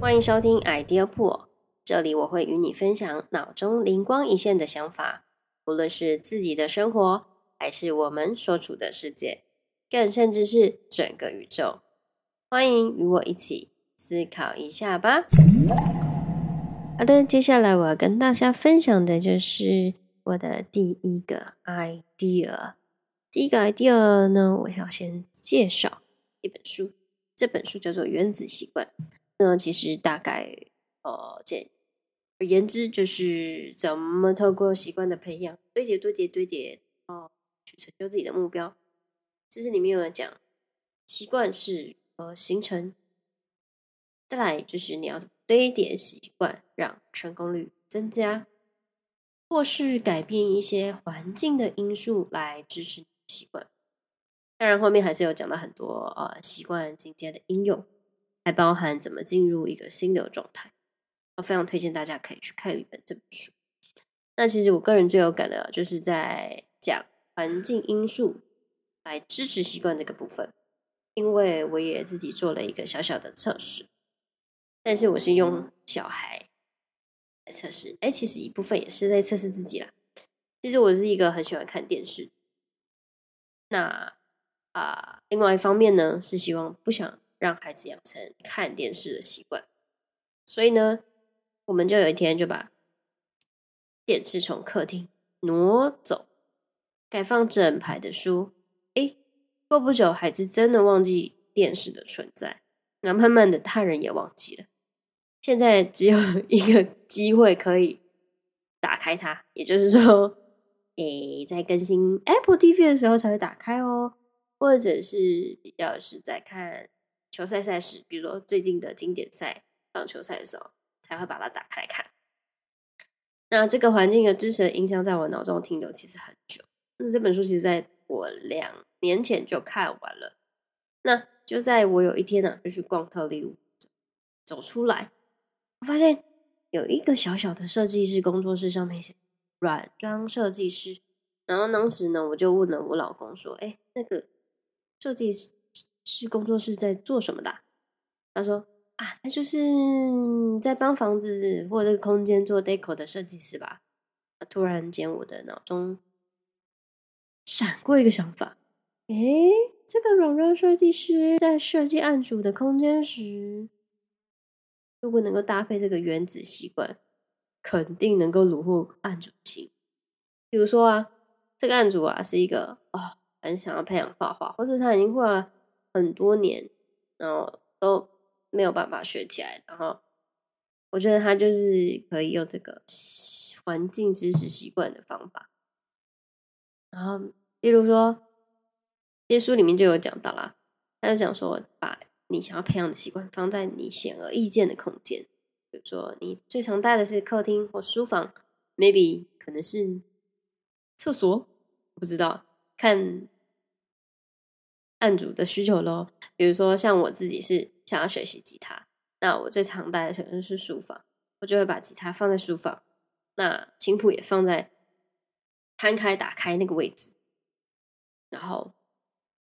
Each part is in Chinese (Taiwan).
歡迎收聽 idea 鋪，這裡我會與你分享腦中靈光一現的想法，無論是自己的生活，還是我們所處的世界，更甚至是整個宇宙。歡迎與我一起思考一下吧。好的，接下來我要跟大家分享的就是我的第一個 idea。第一個 idea 呢，我想先介紹一本書，這本書叫做《原子習慣》。那其實大概，呃，簡而言之就是怎麼透過習慣的培養，堆疊、堆疊、堆疊，哦、呃，去成就自己的目標。這是裡面有講，習慣是呃形成，再來就是你要堆疊習慣，讓成功率增加，或是改變一些環境的因素來支持你的習慣。當然，後面還是有講到很多呃習慣進階的應用。還包含怎麼進入一個心流狀態，我非常推薦大家可以去看一本這本書。那其實我個人最有感的，就是在講環境因素來支持習慣這個部分，因為我也自己做了一個小小的測試。但是我是用小孩來測試，哎、欸，其實一部分也是在測試自己啦。其實我是一個很喜歡看電視，那啊、呃，另外一方面呢，是希望不想。讓孩子養成看電視的習慣，所以呢，我們就有一天就把電視從客廳挪走，改放整排的書。誒，過不久，孩子真的忘記電視的存在，然後慢慢的，大人也忘記了。現在只有一個機會可以打開它，也就是說，誒，在更新 Apple TV 的時候才會打開哦，或者是要是在看，球賽賽事，比如說最近的經典賽、棒球賽的時候，才會把它打開看。那這個環境和知識的印象，在我腦中停留其實很久。那這本書其實在我兩年前就看完了。那就在我有一天呢、啊，就去逛特力屋，走出來，我發現有一個小小的設計師工作室，上面寫軟裝設計師。然後當時呢，我就問了我老公說：“哎、欸，那個設計師。”是工作室在做什麼的、啊？他說啊，那就是在幫房子或這個空間做 deco 的設計師吧。啊、突然間，我的腦中閃過一個想法：誒，這個軟裝設計師在設計案主的空間時，如果能夠搭配這個原子習慣，肯定能夠虜獲案主的心。比如說啊，這個案主啊是一個哦，很想要培養畫畫，或者他已經畫了。很多年，然後都沒有辦法學起來。然後我覺得他就是可以用這個環境支持習慣的方法。然後，例如說，這些書裡面就有講到啦，他就講說，把你想要培養的習慣放在你顯而易見的空間，比如說你最常待的是客廳或書房，maybe 可能是廁所，不知道看。案主的需求咯，比如說像我自己是想要學習吉他，那我最常待的首先是書房，我就會把吉他放在書房，那琴譜也放在攤開打開那個位置，然後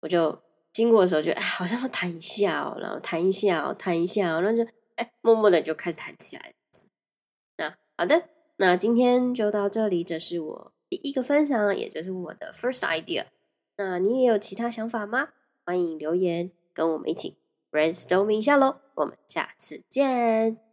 我就經過的時候，就，哎，好像要彈一下哦，然後彈一下哦，彈一下哦，下哦，然後就，哎，默默的就開始彈起來。那好的，那今天就到這裡，這是我第一個分享，也就是我的 First Idea。那你也有其他想法嗎？歡迎留言，跟我們一起 brainstorming 一下嘍，我們下次見。